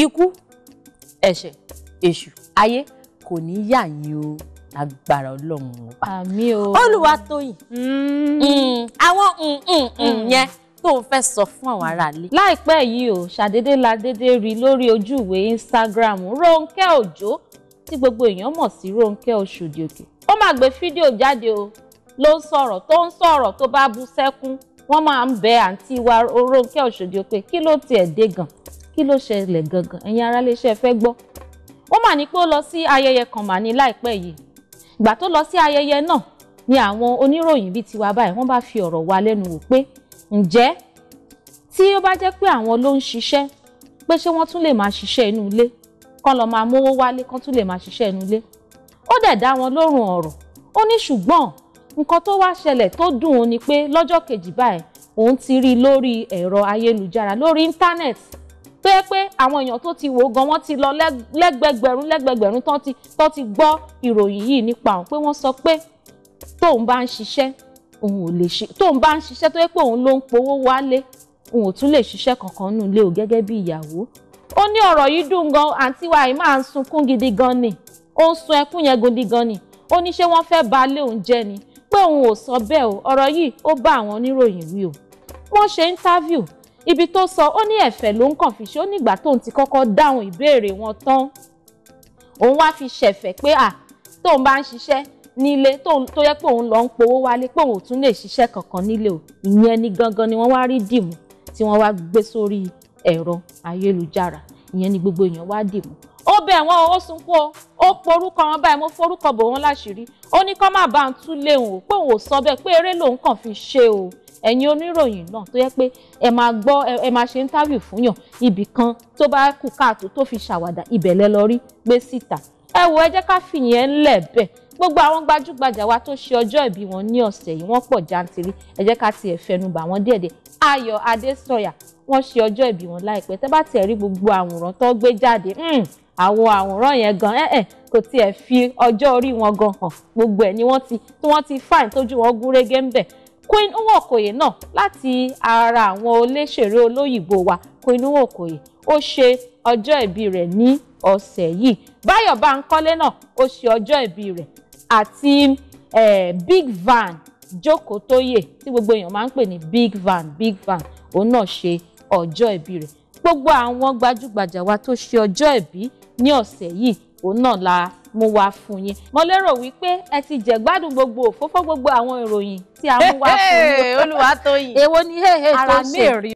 ikú ẹ̀ṣẹ̀ èṣù ayé kò ní yà yín o agbára ọlọ́run ọba àmín o Olúwatóyìn mm-hmm. mm, àwọn mm, mm, yẹn tó ń fẹ́ sọ fún àwọn aráalé. láìpẹ́ yìí o ṣàdédé la dédé rí lórí ojú Instagram Rónkẹ́ Òjó tí gbogbo èèyàn mọ̀ sí Rónkẹ́ Oṣòdì Òkè ó máa gbé fídíò jáde o ló ń sọ̀rọ̀ tó ń sọ̀rọ̀ tó bá bú sẹ́kún wọ́n máa ń bẹ àǹtí wa Rónkẹ́ Oṣòdì Òkè kí ló tiẹ̀ dé gan kí ló ṣẹlẹ̀ gangan ẹ̀yin ará iléeṣẹ́ fẹ́ gbọ́ ó mà ní pé ó lọ sí ayẹyẹ kan mà ní láìpẹ́ yìí ìgbà tó lọ sí ayẹyẹ náà ni àwọn oníròyìn bíi tiwa báyìí wọ́n bá fi ọ̀rọ̀ wa lẹ́nu wò pé ǹjẹ́ tí ó bá jẹ́ pé àwọn ló ń ṣiṣẹ́ pé ṣé wọ́n tún lè máa ṣiṣẹ́ inú ilé kán lọ máa mówó wálé kán tún lè máa ṣiṣẹ́ inú ilé ó dẹ̀ dá wọn lóhùn ọ̀rọ̀ ó ní ṣùgbọ́n nǹkan tó wá ṣẹlẹ̀ tó dùn ún ni pé lọ́jọ́ kejì báyìí òun ti rí i lórí ẹ̀rọ ayélujára lórí íńtánẹ́ẹ̀tì tó yẹ pé àwọn èèyàn tó ti wò ó gan wọ́n ti lọ lẹ́gbẹgbẹ̀rún lẹ́gbẹgbẹ̀rún tán ti tán ti gbọ́ ìròyìn yìí nípa òun pé wọ́n sọ pé tóun bá ń ṣiṣẹ́ òun ò lè ṣe tóun bá ń ṣiṣẹ́ tó yẹ pé òun ló ń powó wálé òun ò tún lè ṣiṣẹ́ kankan nù lé o gẹ́gẹ́ bí ìyàwó ó ní ọ̀rọ̀ yìí dùn gan àǹtí wa yìí máa ń sunkún gidi gan ni ó ń sun ẹkún yẹn gidi gan ni ó ní ṣé wọ́n fẹ́ ba lé òun jẹ́ ni pé òun ò sọ bẹ́ẹ̀ o ọ̀rọ̀ yìí ó bá àwọn oníròyìn wí o wọ́n ṣe interview ibi tó sọ ó ní ẹ̀fẹ̀ ló ń kàn fi ṣe ó nígbà tóun ti kọ́kọ́ dáhùn ìbéèrè wọn tán òun wá fi ṣẹ̀fẹ̀ pé à tóun bá ń ṣiṣẹ́ nílé tó yẹ pé òun lọ ń powó wálé pé òun ò tún lè ṣiṣẹ́ kankan nílé o ìyẹn ni gangan ni wọ́n wá rí dìmú tí wọ́n wá gbé sórí ẹ̀rọ ayélujára ìyẹn ni gbogbo èèyàn wá dìmú ó bẹ̀ wọ́n ó sunkún o ó porúkọ wọn báyìí mo forúkọ bò wọ́n láṣìírí ó ní kó má bá ń tú léhùn o pé òun ò sọ bẹ́ẹ̀ pé eré lòun kàn fi ṣe o ẹ̀yin oníròyìn náà tó yẹ pé ẹ máa gbọ́ ẹ máa ṣe interview fún yàn ibì kan tó bá kù káàtó tó fi ṣàwàdà ibẹ̀ lọ rí gbé síta ẹ wo ẹ jẹ́ ká fìyẹn ńlẹ̀ bẹ́ẹ̀ gbogbo àwọn gbajúgbajà wa tó ṣe ọjọ́ ìbí wọn ní ọ̀sẹ̀ yìí wọ́n pọ̀ jantiri ẹ jẹ́ ká tiẹ̀ fẹnubà wọn díẹ̀díẹ̀ Ayọ̀ Adésọ̀yà wọ́n ṣe ọjọ́ ìbí wọn láìpẹ́ tẹ́ bá tiẹ̀ rí gbogbo àwòrán tó gbé jáde hmm, àwọn àwòrán yẹn gan ẹ̀ eh, eh, kò tiẹ̀ fi ọjọ́ orí wọn gan hàn gbogbo ẹ̀ ni wọ́n ti tí wọ́n ti fáìn tójú wọn gúnrégé ń bẹ̀ Queen Nwokoye náà láti ara àwọn olóṣèré olóyìnbó wa Queen Nwokoye ó ṣe ọjọ́ ìbí rẹ̀ ní ọ̀sẹ̀ yìí Báyọ̀ Báńkọ́lé náà ó ṣe ọjọ́ ìbí rẹ̀ àti Big Van Jókòtóyè tí gbogbo èèyàn máa ń pè ní Big Van Big Van òun náà ṣe ọjọ́ ìbí rẹ̀ gbogbo àwọn gbajúgbajà wa tó ṣe ọjọ́ ìbí ní ọ̀sẹ̀ yìí òun náà la mú wá fún yín mo lérò wípé ẹ ti jẹ gbádùn gbogbo òfófó gbogbo àwọn ìròyìn tí a mú wá fún yín olùwàtòyìn èwo ni ara mi rí